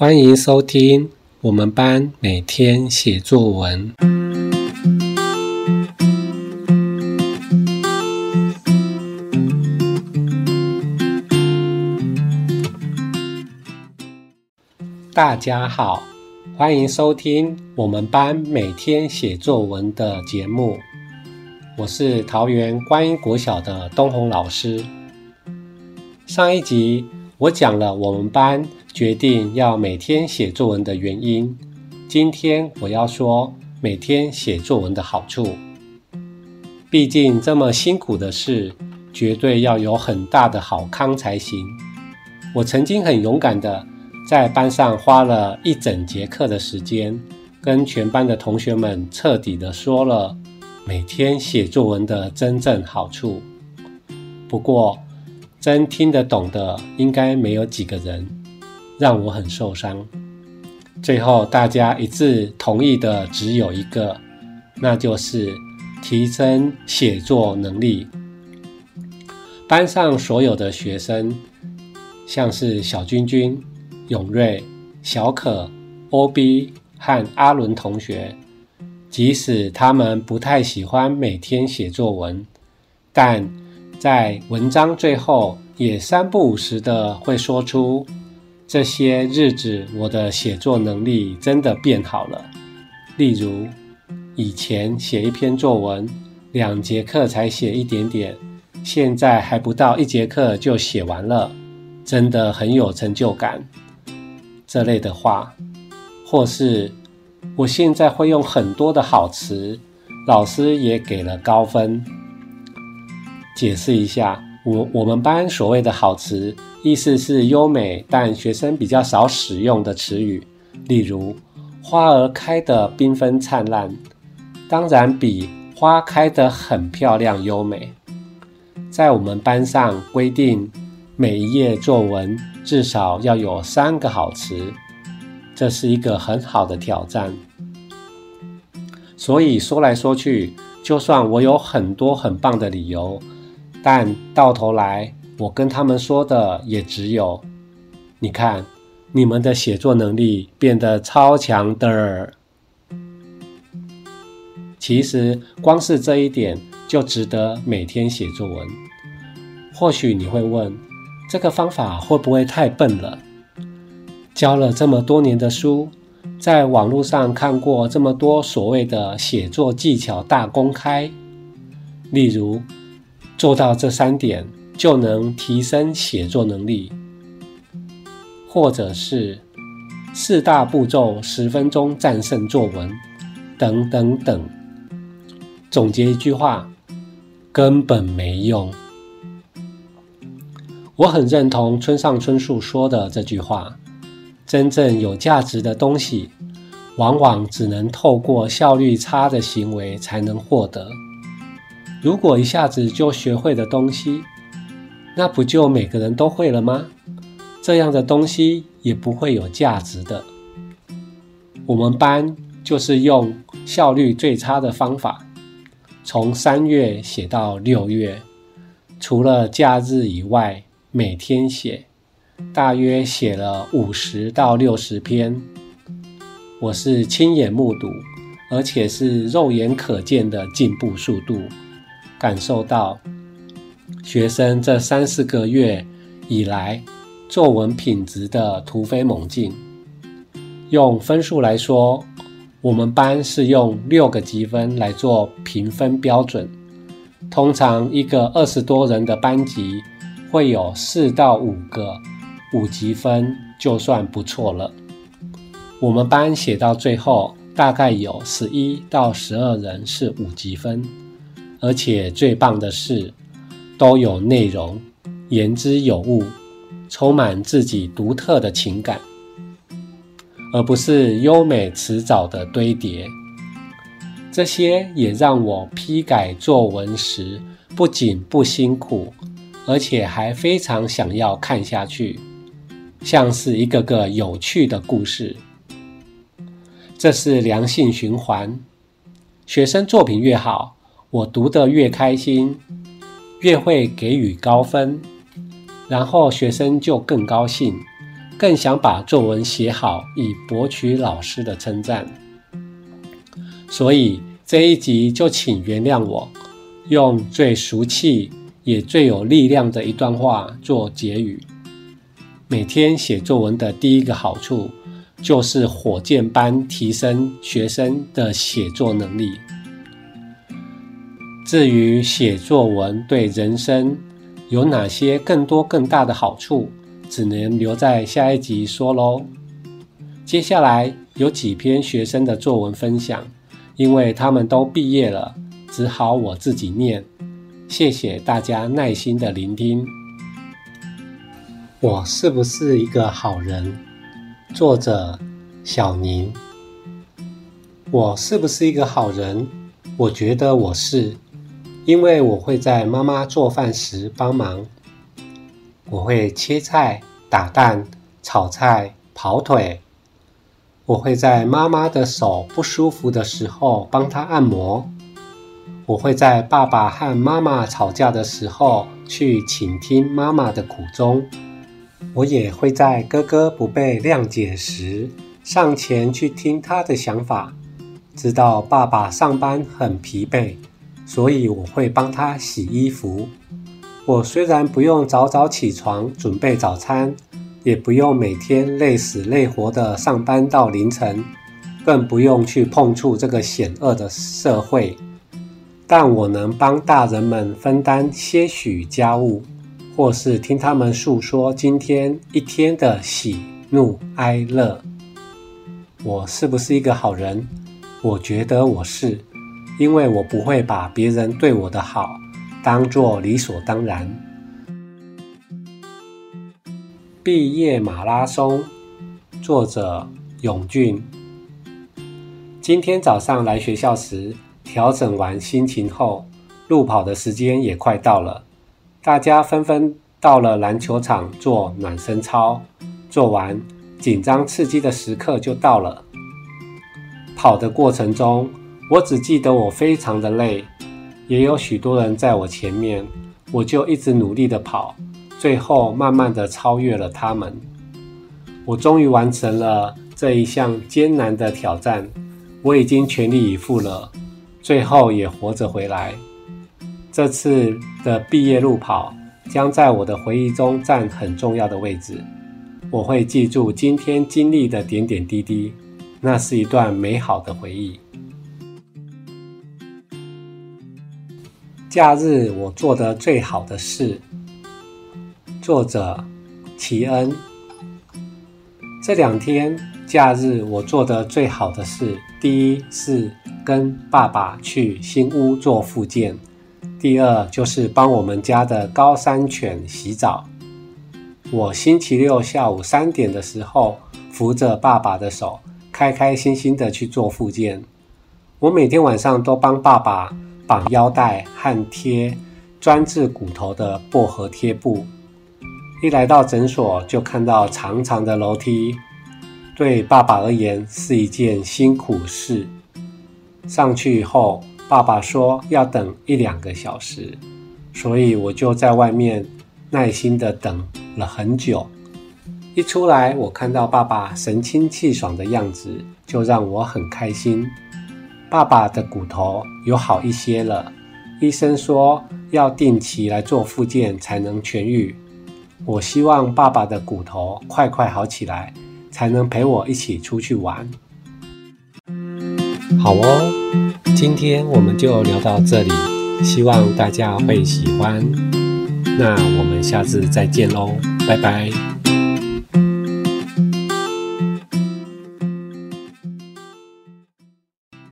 歡迎收聽我們班每天寫作文。大家好，歡迎收聽我們班每天寫作文的節目。我是桃園觀音國小的東紅老師。上一集我講了我們班決定要每天寫作文的原因，今天我要說每天寫作文的好處。畢竟這麼辛苦的事，絕對要有很大的好康才行。我曾經很勇敢的在班上花了一整節課的時間，跟全班的同學們徹底的說了每天寫作文的真正好處。不過，真聽得懂的應該沒有幾個人。讓我很受傷。最後，大家一致同意的只有一個，那就是提升寫作能力。班上所有的學生，像是小君君、永瑞、小可、OB 和阿倫同學，即使他們不太喜歡每天寫作文，但在文章最後也三不五時的會說出。這些日子，我的寫作能力真的變好了。例如，以前寫一篇作文，兩節課才寫一點點，現在還不到一節課就寫完了，真的很有成就感。這類的話，或是我現在會用很多的好詞，老師也給了高分。解釋一下。我我們班所謂的好詞，意思是優美但學生比較少使用的詞語，例如“花兒開得繽紛燦爛”，當然比“花開得很漂亮”優美。在我們班上規定，每一頁作文至少要有三個好詞，這是一個很好的挑戰。所以說來說去，就算我有很多很棒的理由。但到頭來，我跟他們說的也只有，你看，你們的寫作能力變得超強的。其實，光是這一點就值得每天寫作文。或許你會問，這個方法會不會太笨了？教了這麼多年的書，在網絡上看過這麼多所謂的寫作技巧大公開，例如。做到這三點，就能提升寫作能力，或者是四大步驟十分鐘戰勝作文，等等等。總結一句話，根本沒用。我很認同村上春樹說的這句話：真正有價值的東西，往往只能透過效率差的行為才能獲得。如果一下子就學會的東西，那不就每個人都會了嗎？這樣的東西也不會有價值的。我們班就是用效率最差的方法，從三月寫到六月，除了假日以外每天寫，大約寫了五十到六十篇。我是親眼目睹，而且是肉眼可見的進步速度。感受到學生這三四個月以來作文品質的突飛猛進。用分數來說，我們班是用六個級分來做評分標準。通常一個二十多人的班級會有四到五個五級分就算不錯了。我們班寫到最後大概有十一到十二人是五級分。而且最棒的是，都有內容，言之有物，充滿自己獨特的情感，而不是優美詞藻的堆疊。這些也讓我批改作文時，不僅不辛苦，而且還非常想要看下去，像是一個個有趣的故事。這是良性循環，學生作品越好。我讀得越開心，越會給予高分，然後學生就更高興，更想把作文寫好以博取老師的稱讚。所以這一集就請原諒我，用最俗氣也最有力量的一段話做結語。每天寫作文的第一個好處，就是火箭般提升學生的寫作能力。至於寫作文對人生有哪些更多更大的好處，只能留在下一集說嘍。接下來有幾篇學生的作文分享，因為他們都畢業了，只好我自己念。謝謝大家耐心的聆聽。我是不是一個好人？作者：小寧。我是不是一個好人？我覺得我是。因為我會在媽媽做飯時幫忙，我會切菜、打蛋、炒菜、跑腿。我會在媽媽的手不舒服的時候幫她按摩。我會在爸爸和媽媽吵架的時候去傾聽媽媽的苦衷。我也會在哥哥不被諒解時上前去聽他的想法，知道爸爸上班很疲憊。所以我會幫他洗衣服。我雖然不用早早起床準備早餐，也不用每天累死累活的上班到凌晨，更不用去碰觸這個險惡的社會，但我能幫大人們分擔些許家務，或是聽他們訴說今天一天的喜怒哀樂。我是不是一個好人？我覺得我是。因為我不會把別人對我的好當作理所當然。畢業馬拉松，作者永俊。今天早上來學校時，調整完心情後，路跑的時間也快到了。大家紛紛到了籃球場做暖身操，做完，緊張刺激的時刻就到了。跑的過程中。我只記得我非常的累，也有許多人在我前面，我就一直努力地跑，最後慢慢地超越了他們。我終於完成了這一項艱難的挑戰，我已經全力以赴了，最後也活着回來。這次的畢業路跑將在我的回憶中占很重要的位置，我會記住今天經歷的點點滴滴，那是一段美好的回憶。假日我做的最好的事，作者齊恩。這兩天假日我做的最好的事，第一是跟爸爸去新屋做復健，第二就是幫我們家的高山犬洗澡。我星期六下午三點的時候，扶着爸爸的手，開開心心的去做復健。我每天晚上都幫爸爸。綁腰帶、和貼、專治骨頭的薄荷貼布。一來到診所，就看到長長的樓梯，對爸爸而言是一件辛苦事。上去以後，爸爸說要等一兩個小時，所以我就在外面耐心的等了很久。一出來，我看到爸爸神清氣爽的樣子，就讓我很開心。爸爸的骨頭有好一些了，醫生說要定期來做復健才能痊癒。我希望爸爸的骨頭快快好起來，才能陪我一起出去玩。好哦，今天我們就聊到這裡，希望大家會喜歡。那我們下次再見嘍，拜拜。